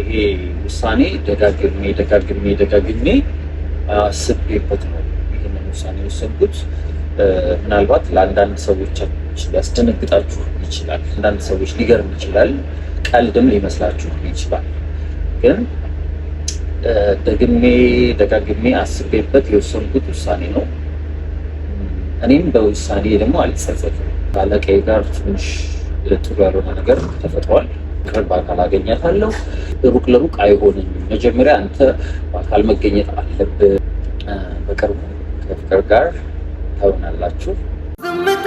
ይሄ ውሳኔ ደጋግሜ ደጋግሜ ደጋግሜ አስቤበት ነው ይህንን ውሳኔ የወሰንኩት። ምናልባት ለአንዳንድ ሰዎች ሊያስደነግጣችሁ ይችላል። አንዳንድ ሰዎች ሊገርም ይችላል። ቀልድም ሊመስላችሁ ይችላል። ግን ደግሜ ደጋግሜ አስቤበት የወሰንኩት ውሳኔ ነው። እኔም በውሳኔ ደግሞ አልጸጸትም። አለቃዬ ጋር ትንሽ ጥሩ ያልሆነ ነገር ተፈጥሯል። ቅርብ በአካል አገኛታለሁ። ሩቅ ለሩቅ አይሆንም። መጀመሪያ አንተ በአካል መገኘት አለብህ። በቅርቡ ከፍቅር ጋር ተሆናላችሁ። ዝምታ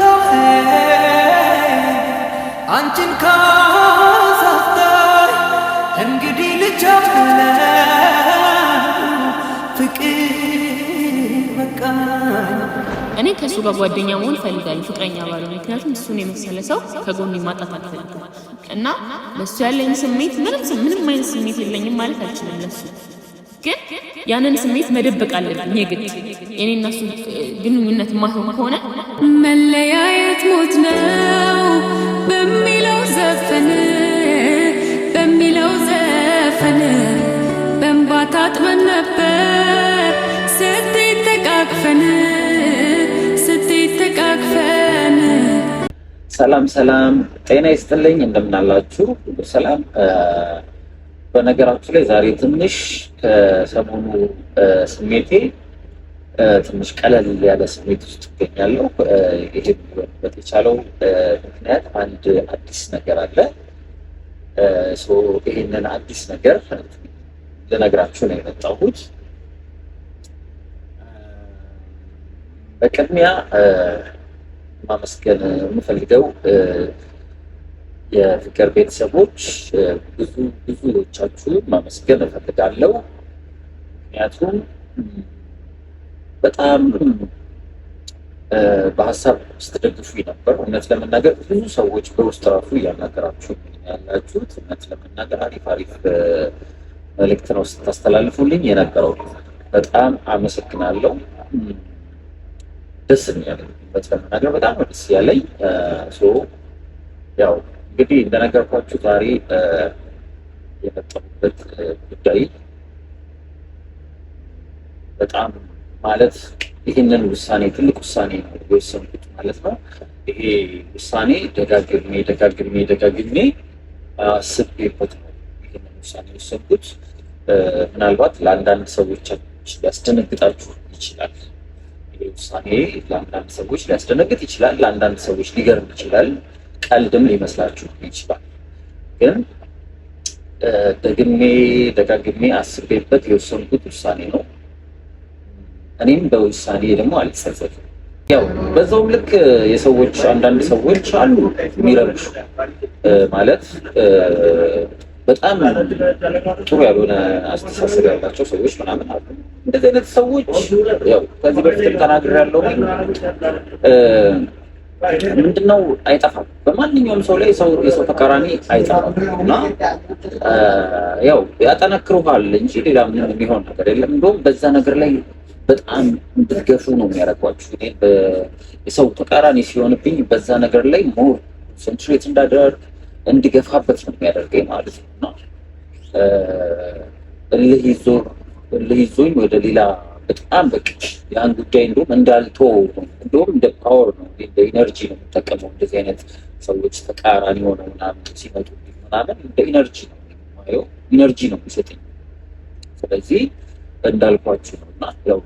አንቺን ካሳፍታኝ እንግዲህ ልቻለ ፍቅር እኔ ከእሱ ጋር ጓደኛ መሆን እፈልጋለሁ፣ ፍቅረኛ ባለ። ምክንያቱም እሱን የመሰለ ሰው ከጎን ማጣት አልፈልግም እና ለእሱ ያለኝ ስሜት ምንም ምንም አይነት ስሜት የለኝም ማለት አልችልም ለሱ ግን ያንን ስሜት መደበቅ አለብኝ የግድ የኔ እና እሱ ግንኙነት ማሆን ከሆነ መለያየት ሞት ነው። ሰላም ሰላም፣ ጤና ይስጥልኝ። እንደምናላችሁ ሰላም። በነገራችሁ ላይ ዛሬ ትንሽ ከሰሞኑ ስሜቴ ትንሽ ቀለል ያለ ስሜት ውስጥ ይገኛለሁ። ይሄ ሊሆንበት የቻለው ምክንያት አንድ አዲስ ነገር አለ። ይሄንን አዲስ ነገር ልነግራችሁ ነው የመጣሁት። በቅድሚያ ማመስገን የምፈልገው የፍቅር ቤተሰቦች ብዙ ብዙዎቻችሁን ማመስገን እፈልጋለሁ። ምክንያቱም በጣም በሀሳብ ስትደግፉ ነበር። እውነት ለመናገር ብዙ ሰዎች በውስጥ ራሱ እያናገራችሁ ያላችሁት እውነት ለመናገር አሪፍ አሪፍ መልእክት ነው ስታስተላልፉልኝ የነበረው። በጣም አመሰግናለሁ። ደስ የሚያለኝ ነገር በጣም ነው ደስ ያለኝ። ያው እንግዲህ እንደነገርኳችሁ ዛሬ የመጣሁበት ጉዳይ በጣም ማለት ይህንን ውሳኔ ትልቅ ውሳኔ ነው የወሰንኩት ማለት ነው። ይሄ ውሳኔ ደጋግሜ ደጋግሜ ደጋግሜ አስቤበት ነው ይህንን ውሳኔ የወሰንኩት። ምናልባት ለአንዳንድ ሰዎች ያስደነግጣችሁ ይችላል። ውሳኔ ለአንዳንድ ሰዎች ሊያስደነግጥ ይችላል። ለአንዳንድ ሰዎች ሊገርም ይችላል። ቀልድም ሊመስላችሁ ይችላል። ግን ደግሜ ደጋግሜ አስቤበት የወሰንኩት ውሳኔ ነው። እኔም በውሳኔ ደግሞ አልጸጸትም። ያው በዛውም ልክ የሰዎች አንዳንድ ሰዎች አሉ የሚረብሹ ማለት በጣም ጥሩ ያልሆነ አስተሳሰብ ያላቸው ሰዎች ምናምን አሉ። እንደዚህ አይነት ሰዎች ያው ከዚህ በፊትም ያለው ምንድነው አይጠፋም፣ በማንኛውም ሰው ላይ ሰው የሰው ተቃራኒ አይጠፋም እና ያው ያጠነክሩሃል እንጂ ሌላ ምንም የሚሆን ነገር የለም። እንደውም በዛ ነገር ላይ በጣም እንድትገፉ ነው የሚያደርጓችሁ። የሰው ተቃራኒ ሲሆንብኝ በዛ ነገር ላይ ሞር ሰንትሬት እንዳደርግ እንዲገፋበት ነው የሚያደርገኝ ማለት ነው። እልህ ይዞ እልህ ይዞኝ ወደ ሌላ በጣም በቃ የአንድ ጉዳይ እንደውም እንዳልቶ እንደውም እንደ ፓወር ነው እንደ ኢነርጂ ነው የምጠቀመው። እንደዚህ አይነት ሰዎች ተቃራኒ ሆነው ምናምን ሲመጡ ምናምን እንደ ኢነርጂ ነው የማየው፣ ኢነርጂ ነው የሚሰጠኝ። ስለዚህ እንዳልኳችሁ ነው እና ያው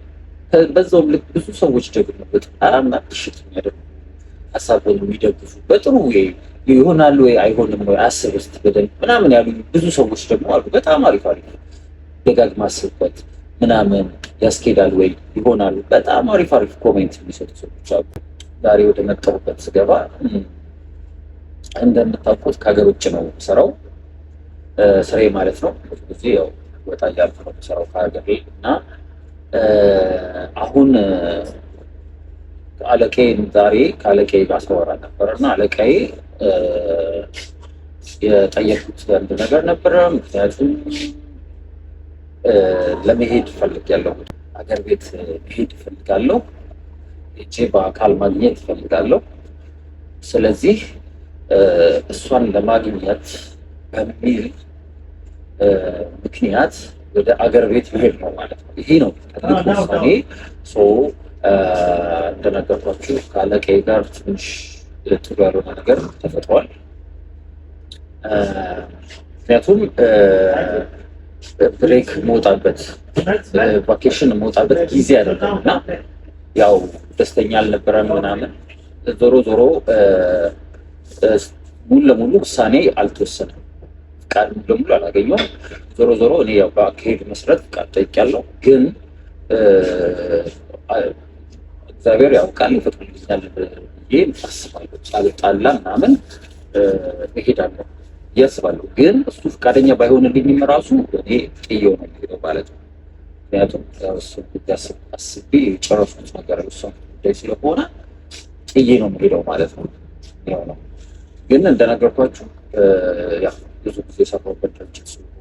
በዛውም ልክ ብዙ ሰዎች ደግሞ በጣም አፕሪሼት የሚያደርጉ ሀሳብን የሚደግፉ በጥሩ ይሆናል ወይ አይሆንም ወይ አስብ ውስጥ በደንብ ምናምን ያሉ ብዙ ሰዎች ደግሞ አሉ። በጣም አሪፍ አሪፍ ደጋግማ አስብበት ምናምን ያስኬዳል ወይ ይሆናል በጣም አሪፍ አሪፍ ኮሜንት የሚሰጡ ሰዎች አሉ። ዛሬ ወደ መጣሁበት ስገባ እንደምታውቁት ከሀገር ውጭ ነው ስራው ስሬ ማለት ነው። ብዙ ጊዜ ያው ወጣ እያልኩ ነው ስራው ከሀገሬ እና አሁን አለቃዬን ዛሬ ከአለቀይ ጋር ሳወራ ነበር እና አለቀይ የጠየኩት አንድ ነገር ነበረ። ምክንያቱም ለመሄድ እፈልጋለሁ፣ አገር ቤት መሄድ እፈልጋለሁ፣ እጄ በአካል ማግኘት እፈልጋለሁ። ስለዚህ እሷን ለማግኘት በሚል ምክንያት ወደ አገር ቤት መሄድ ነው ማለት ነው። ይሄ ነው ውሳኔ። እንደነገርኳችሁ ከአለቀ ጋር ትንሽ ጥሩ ያልሆነ ነገር ተፈጥሯል። ምክንያቱም ብሬክ መውጣበት ቫኬሽን መውጣበት ጊዜ አይደለም እና ያው ደስተኛ አልነበረም ምናምን። ዞሮ ዞሮ ሙሉ ለሙሉ ውሳኔ አልተወሰነም። ፍቃድ ሙሉ ለሙሉ አላገኘሁም። ዞሮ ዞሮ እኔ ያው በአካሄድ መሰረት ፍቃድ ጠይቄያለሁ ግን እግዚአብሔር ያውቃል ይፈቅድልኛል ብዬ አስባለሁ። ሳልጣላ ምናምን እሄዳለሁ ብዬ አስባለሁ። ግን እሱ ፈቃደኛ ባይሆንልኝም ራሱ እኔ ጥየው ነው የምሄደው ማለት ነው። ምክንያቱም አስቤ የጨረስኩት ነገር እሷን ጉዳይ ስለሆነ ጥዬ ነው የምሄደው ማለት ነው ነው ግን እንደነገርኳችሁ ብዙ ጊዜ ሰፋበት ድርጅት ስለሆነ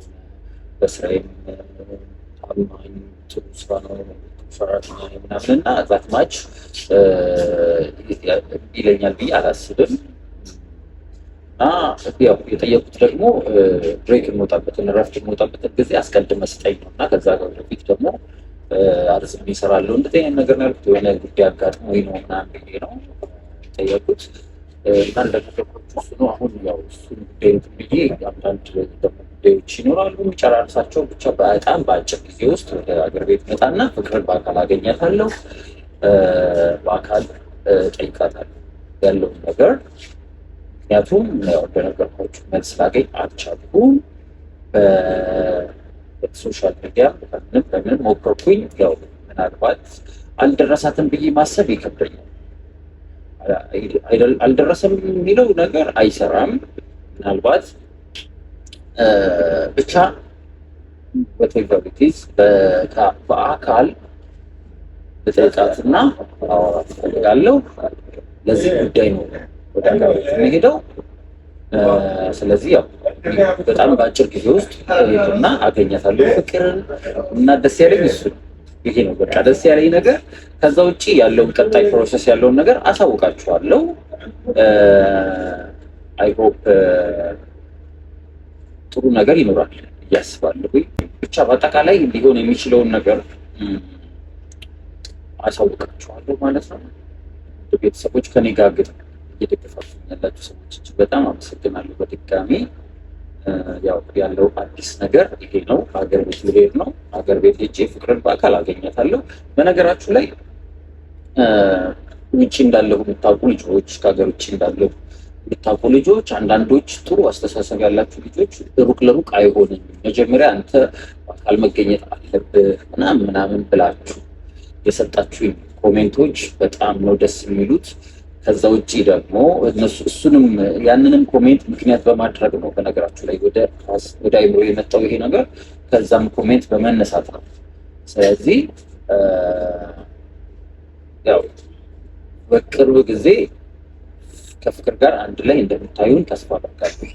በስራዬም ታማኝ ጥሩ ስራ ነው ሰራተኛ ነው ምናምን እና ዛት ማች uh, ይለኛል ብዬ አላስብም። እና ያው የጠየቁት ደግሞ ብሬክ uh, የምወጣበትን ረፍት የምወጣበትን ጊዜ አስቀድመ ስጠኝ ነው እና ከዛ ጋር በፊት ደግሞ uh, አርዝም ይሰራለሁ እንደዚህ አይነት ነገር ነው ያልኩት። የሆነ ጉዳይ አጋጥሞ ወይ ነው ምናምን ነው ጠየቁት። እና እንደነገርኩት እሱ ነው። አሁን ያው እሱን ጉዳይ እንትን ብዬ አንዳንድ ደግሞ ጉዳዮች ይኖራሉ ጨራርሳቸው ብቻ በጣም በአጭር ጊዜ ውስጥ ወደ ሀገር ቤት መጣና ፍቅርን በአካል አገኛታለሁ፣ በአካል ጠይቃታለሁ ያለውን ነገር ምክንያቱም እንደነገርኳችሁ መልስ ላገኝ አልቻልኩም። በሶሻል ሚዲያ ምንም በምንም ሞከርኩኝ። ያው ምናልባት አልደረሳትም ብዬ ማሰብ ይከብደኛል። አልደረሰም የሚለው ነገር አይሰራም። ምናልባት ብቻ በቴክኖሎጂስ በአካል በጠጣትና ማውራት ፈልጋለሁ። ለዚህ ጉዳይ ነው ወደ አካባቢ የሚሄደው። ስለዚህ ያው በጣም በአጭር ጊዜ ውስጥ እና አገኛታለሁ ፍቅርን እና ደስ ያለኝ እሱን ይሄ ነው በቃ ደስ ያለኝ ነገር። ከዛ ውጭ ያለውን ቀጣይ ፕሮሰስ ያለውን ነገር አሳውቃችኋለሁ። አይ ሆፕ ጥሩ ነገር ይኖራል እያስባለሁኝ። ብቻ በአጠቃላይ ሊሆን የሚችለውን ነገር አሳውቃችኋለሁ ማለት ነው። ቤተሰቦች ከኔ ጋር ግጥ እየደገፋችሁ ያላችሁ ሰዎች በጣም አመሰግናለሁ በድጋሚ። ያው ያለው አዲስ ነገር ይሄ ነው። ሀገር ቤት ልሄድ ነው። ሀገር ቤት ሄጄ ፍቅርን በአካል አገኛታለሁ። በነገራችሁ ላይ ውጭ እንዳለሁ የምታውቁ ልጆች፣ ከሀገር ውጭ እንዳለሁ የምታውቁ ልጆች፣ አንዳንዶች ጥሩ አስተሳሰብ ያላችሁ ልጆች ሩቅ ለሩቅ አይሆንም፣ መጀመሪያ አንተ በአካል መገኘት አለብህ ምናምን ምናምን ብላችሁ የሰጣችሁ ኮሜንቶች በጣም ነው ደስ የሚሉት። ከዛ ውጭ ደግሞ እሱንም ያንንም ኮሜንት ምክንያት በማድረግ ነው። በነገራችሁ ላይ ወደ አይምሮ የመጣው ይሄ ነገር ከዛም ኮሜንት በመነሳት ነው። ስለዚህ ያው በቅርብ ጊዜ ከፍቅር ጋር አንድ ላይ እንደምታዩን ተስፋ አደርጋለሁ።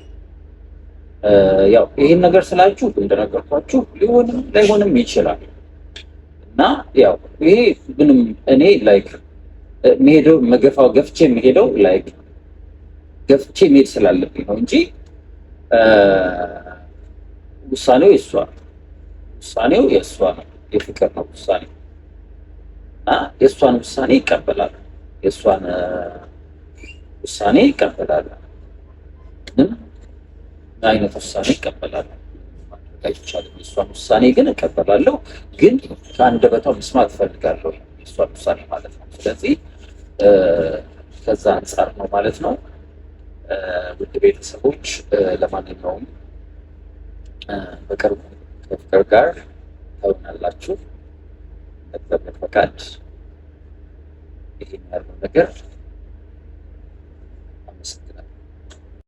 ያው ይሄን ነገር ስላችሁ እንደነገርኳችሁ ሊሆንም ላይሆንም ይችላል እና ያው ይሄ ምንም እኔ ላይክ መሄደው መገፋው ገፍቼ የምሄደው ላይክ ገፍቼ መሄድ ስላለብኝ ነው እንጂ ውሳኔው የእሷ ነው። ውሳኔው የእሷ ነው። የፍቅር ነው ውሳኔ እና የእሷን ውሳኔ ይቀበላል። የእሷን ውሳኔ ይቀበላል። ምንም አይነት ውሳኔ ይቀበላል አይቻልም። የእሷን ውሳኔ ግን እቀበላለሁ። ግን ከአንደበቷ መስማት እፈልጋለሁ። የእሷን ውሳኔ ማለት ነው። ስለዚህ ከዛ አንጻር ነው ማለት ነው። ውድ ቤተሰቦች ለማንኛውም በቅርቡ ከፍቅር ጋር ተሆናላችሁ። በእግዚአብሔር ፈቃድ ይሄን ያለው ነገር